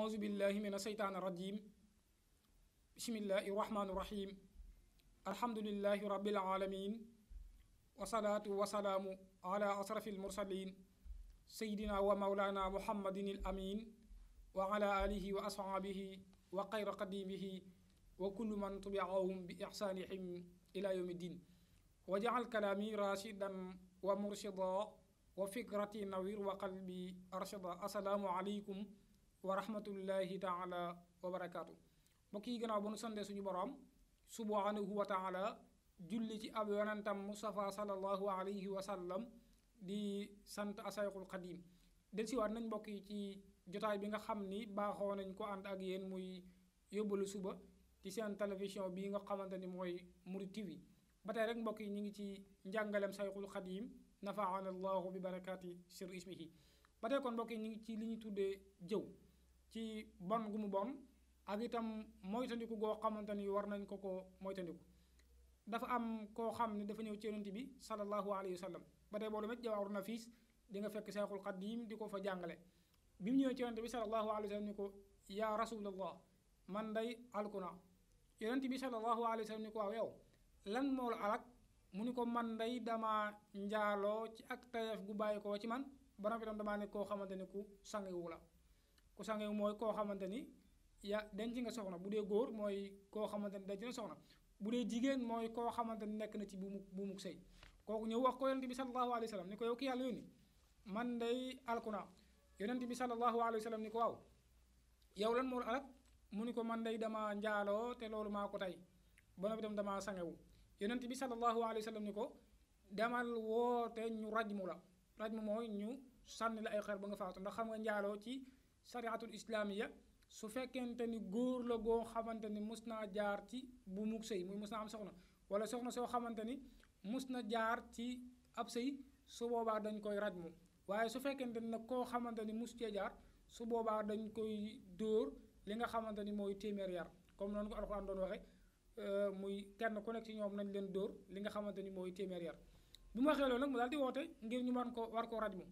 أعوذ بالله من الشيطان الرجيم بسم الله الرحمن الرحيم الحمد لله رب العالمين والصلاة والسلام على أشرف المرسلين سيدنا ومولانا محمد الأمين وعلى آله وأصحابه وقير قديمه وكل من تبعهم بإحسانهم إلى يوم الدين وجعل كلامي راشدا ومرشدا وفكرتي نوير وقلبي أرشدا السلام عليكم wa rahmatullahi taala wa barakaatu mbokk yi gannaaw ba nu sandee suñu boroom subhanahu wa taala julli ci ab yonentam Mustafa sallallahu alayhi wa sallam di sant asayxul xadim delsiwaat nañ mbokk yi ci jotaay bi nga xam ni baaxoo nañ ko ànd ak yéen muy yóbbalu suba ci seen télévision bii nga xamante ni mooy Mouride TV ba tey rek mbokk yi ñu ngi ci njàngaleem sayxul xadim nafaana allahu bi barakaati sir ismihi ba tey kon mbokk yi ñu ngi ci li ñu tuddee jëw ci bon gumu bon ak itam moytandiku goo xamante ni war nañ ko ko moytandiku dafa am ko xamni dafa ñew ci yonent bi sallallahu alayhi wa sallam bo met jawaru nafis di nga fekk shaykhul qadim di fa jangale bi ñew ci yonent bi sallallahu alayhi wasallam ko ya Rasulullah, man day alkuna yonent bi sallallahu alayhi wasallam lan mo alak muniko ni ko man day dama njaalo ci ak tayef gu bayiko ci man ba noppi dama ne ko xamanteni ku ku sangewu moy ko xamanteni ya denc nga soxna budé dee moy ko xamanteni xamante denc na soxna budé jigen moy ko xamanteni nek na ci bu buumuk sey koku ñew wax ko yonente bi sallallahu alayhi wasallam sallam ni ko yow ki yalla yoni man day alkuna yonente bi sallallahu alayhi wasallam sallam ni ko waaw yow lan mo alak mu ni ko man day dama njaalo te loolu mako ko tey ba noppi dama sangewu yonente bi sallallahu alayhi wasallam sallam ni ko demal wote ñu rajmu la rajmu moy ñu sanni la ay xer ba nga faatu ndax xam nga ci chariatul islaamiya su fekkente ni góor la goo xamante ni mus naa jaar ci bu mug sëy muy mus naa am soxna wala soxna soo xamante ni mus na jaar ci ab sëy su boobaa dañ koy rajmu waaye su fekkente ni nag koo xamante ni mus cee jaar su boobaa dañ koy dóor li nga xamante ni mooy téeméer yar comme noonu ko alxuraan doon waxe euh, muy kenn ku nekk ci ñoom nañ leen dóor li nga xamante ni mooy téeméer yar bi mu waxee nag mu daal di woote ngir ñu man war ko raj koo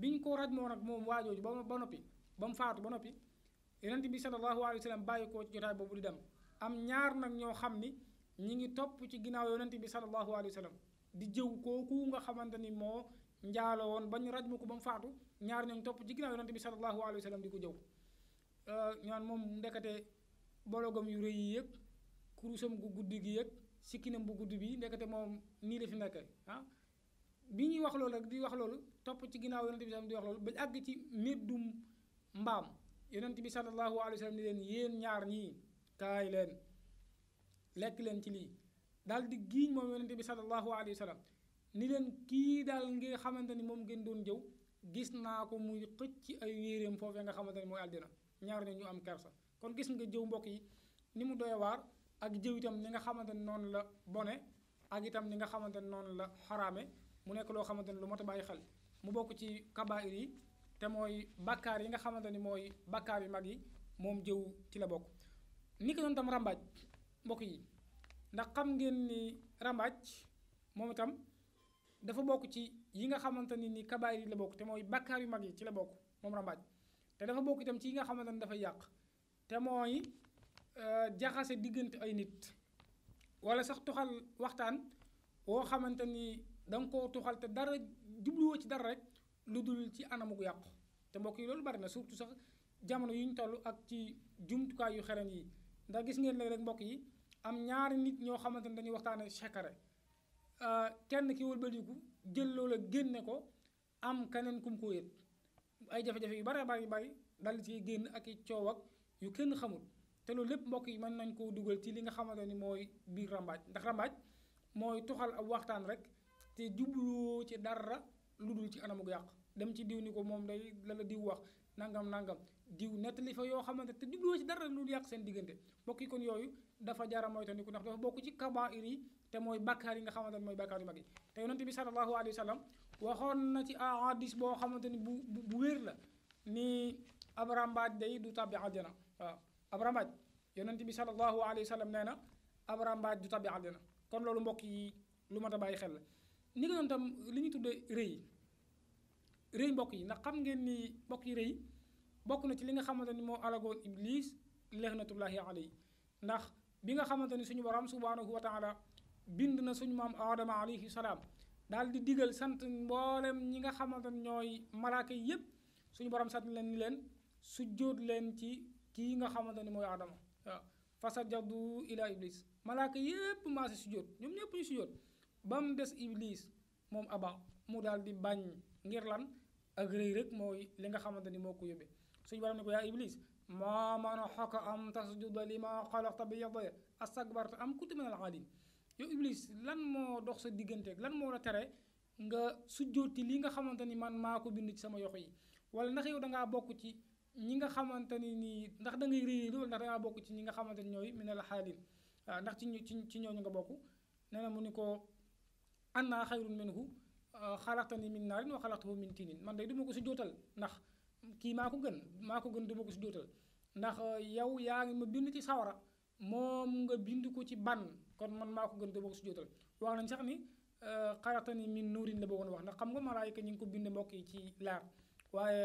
bi ñu ko rajmoo nag moom waajooju ba ba noppi ba mu faatu ba noppi yonent bi sallallahu alayhi wa sallam bàyyi ko ci jotaay boobu di dem am ñaar nag ñoo xam ni ñi ngi topp ci ginnaaw yonent bi sallallahu alayhi wa sallam di jëw kooku nga xamante ni moo njaalo woon ba ñu rajmu ko ba mu ñaar ñooñu topp ci ginnaaw bi sallallahu alayhi wa sallam di ko jëw euh, ñaan moom ndekete bologam yu rëy yi yëg kurusam gu guddi gi yëg sikkinam bu guddi bi ndekete moom nii la fi nekke ah bi ñuy wax loolu rek di wax loolu topp ci ginnaaw yonent bi sallam di wax loolu ba àgg ci méddum mbaam yonent bi sallallahu alayhi wa sallam ni leen yéen ñaar ñii kaay leen lekk leen ci lii daal di giiñ moom yonent bi sallallahu alayhi wa ni leen kii daal ngi xamante ni moom ngeen doon jëw gis naa ko muy xëcc ay yéreem foofee nga xamante ni mooy àddina ñaar ne ñu am kersa kon gis nga jëw mbokk yi ni mu doy ak jëw itam ni nga xamante ni noonu la bone ak itam ni nga xamante ni noonu la xaraame mu nekk loo xamante ni lu mot a bàyyi xel mu bokk ci kabaayir yi te mooy bàkkaar yi nga xamante ni mooy bàkkaar yu mag yi moom jëw ci la bokk ni ko doon tam ràmbaaj mbokk yi ndax xam ngeen ni ràmbaaj moom itam dafa bokk ci yi nga xamante ni ni kabaar yi la bokk te mooy bàkkaar yu mag yi ci la bokk moom ràmbaaj te dafa bokk itam ci yi nga xamante ni dafay yàq te mooy euh, jaxase diggante ay nit walla sax toxal waxtaan woo xamante ni da nga koo te dara jubluwoo ci dara rek lu dul ci gu yaq te mbok yi lolou bari na surtout sax jamono yuñ tollu ak ci jumtukaay yu xeran yi ndax gis ngeen leg rek mbok yi am ñaari nit ño xamante dañuy waxtane waxtaane euh kenn ki wëlbatiku jël loola genné ko am kanen kum ko yët ay jafé jafé yu bari bari bari dal ci genn ak i yu kenn xamul te lolou lepp mbok yi man nañ ko dugal ci li nga xamante ni mooy rambaaj ndax rambaaj moy tuxal ab waxtan rek te jublu ci dara ludul ci anamuk yàq dem ci diw ni ko mom day la la diw wax nangam nangam diw nettali fa yo xamante te diw ci dara lu yak sen digeunte bokki kon yoyu dafa jara ko ndax dafa bokku ci kabair yi te moy bakkaar yi nga xamante moy mooy yu magi te yonente bi sallallahu alaihi wasallam waxon na ci ahadith bo xamante ni bu bu wér la ni baaj day du tabi aljana abraham baaj yonente bi sallallahu alaihi wasallam neena abraham baaj du tabi aljana kon lolu mbokk yi lu mat xel ni ko tam li ñu rëy mbokk yi ndax xam ngeen ni mbokk yi rëy bokk na ci li nga xamanteni moo iblis leexnatullahi alayhi ndax bi nga xamanteni suñu borom subhanahu wa taala bind na suñu maam aadama alayhi salam dal di digal sant mboolem ñi nga xamanteni ñoy ñooy malaaka yépp suñu borom sant leen ni leen sujjóot leen ci ki nga xamanteni moy mooy ila iblis malaaka yépp ma si sujud, ñom ñépp ñu sujjóot bam des iblis mom aba mu dal di bañ ngir lan ak rëy rek mooy li nga xamante ni moo ko yóbbee suñu borom ne ko yaa iblis maa manaxaka am tasjuda lima xalaqta bi yadaya astakbarta am kuti minal aalin yow iblis lan moo dox sa digganteeg lan moo la tere nga sujjóoti li nga xamante ni man maa ko bind ci sama yox yi wala ndax yow ngaa bokk ci ñi nga xamante ni nii ndax da ngay réy loolu ndax ngaa bokk ci ñi nga xamante ni ñooy minal aalin waaw ndax ci ci ci ñooñu nga bokk nee na mu ni ko annaa xayrun minhu xalaqtani min naa wa xalaqtahu min tiinin man day du ko si dootal ndax kii maa ko gën maa ko gën du ma ko si dootal ndax eh, yow yaa ngi ma bind ci sawara moom nga bind ko ci ban kon man maa ko gën du ma ko si dootal wax nañ sax ni eh, xalaqtani min nuurin la bëggoon wax ndax xam nga malaayika ñu ngi ko bind mbokk yi ci leer waaye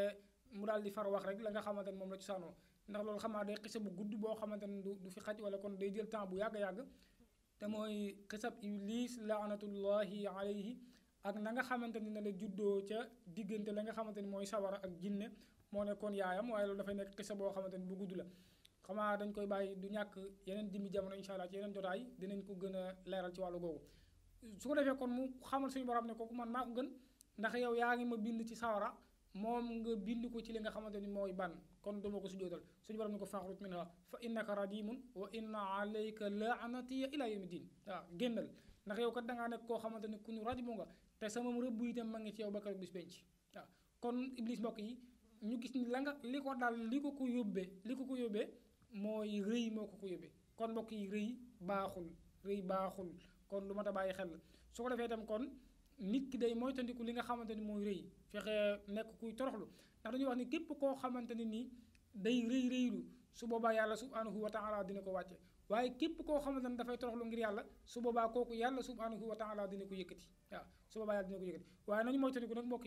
mu daal di far wax rek la nga xamante ne moom la ci saanoo ndax loolu xam naa day bu gudd boo xamante ne du du fi xaj wala kon day jël temps bu yàgg-yàgg te mooy xisab iblis laanatullahi alayhi ak na nga xamante ni na la juddoo ca diggante la nga xamante ni mooy sawara ak jinne moo nekkoon yaayam waaye loolu dafay nekk xisa boo xamante ni bu gudd la xamaa dañ koy bàyyi du ñàkk yeneen dimi jamono incha allah ci jotaay dinañ ko gën a leeral ci wàllu googu su ko kon mu xamal suñu borom ne kooku man maa gën ndax yow yaa ngi ma bind ci sawara moom nga bind ko ci li nga xamante ni mooy ban kon duma ko sujjóotal suñu borom ne ko faxrut minha fa innaka radimun wa inna alayka laanatiya ila yawmi din waaw génnal ndax yow kat da ngaa nekk koo xamante ne ku ñu raj bu nga te sama rëbb itam ma ngi ci yow ba keroog bis penc waaw kon iblis mbokk yi ñu gis ni la li ko daal li ko ko yóbbee li ko ko yóbbee mooy rëy moo ko ko yóbbee kon mbokk yi rëy baaxul rëy baaxul kon lu mat a bàyyi xel su ko defee itam kon nit ki day moytandiku li nga xamante ni mooy rëy fexe nekk kuy toroxlu ndax dañuy wax ni képp koo xamante ni nii day rëy rëylu su boobaa yàlla subhanahu wa taala dina ko wàcce waaye képp koo xamante ne dafay toroxlu ngir yàlla su boobaa kooku yàlla subhanahu wa taala dina ko yëkkati waaw su boobaa yàlla dina ko yëkkati waaye nañu moytandiku nag mbokk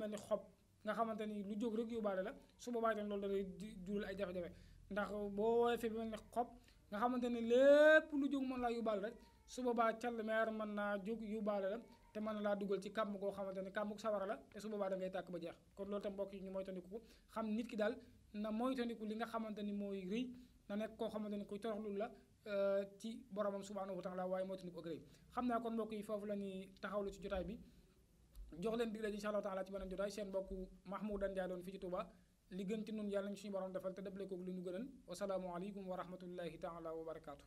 mel ni xob nga xamante ni lu jóg rek yóbbaale la su boobaa itam loolu da lay jural ay jafe-jafe ndax boo woyofee ba mel xob nga xamante ne lépp lu jóg mën laa yóbbaale rek su boobaa call meer mën naa jóg yóbbaale la te mën na laa dugal ci kàmm goo xamante ne kàmmuk sawara la su boobaa da tàkk ba jeex kon loolu tam mbokk yi ñu moytandiku ko xam nit ki daal na moytandiku li nga xamante ni mooy rëy na nekk koo xamante ni kuy toroxlu la euh, ci boromam subhaanahu wa la waaye moo ni ak rëy xam naa kon mbokk yi foofu la ñuy taxawlu ci jotaay bi jox leen digle incha allah taala ci beneen jotaay seen mbokk Mahmoudan Ndiaye doon fii ci Touba li gën ci nun yàlla nañ suñu borom defal te dëppale koog li ñu gënal wasalaamualeykum wa rahmatullahi taala wa barakaatu.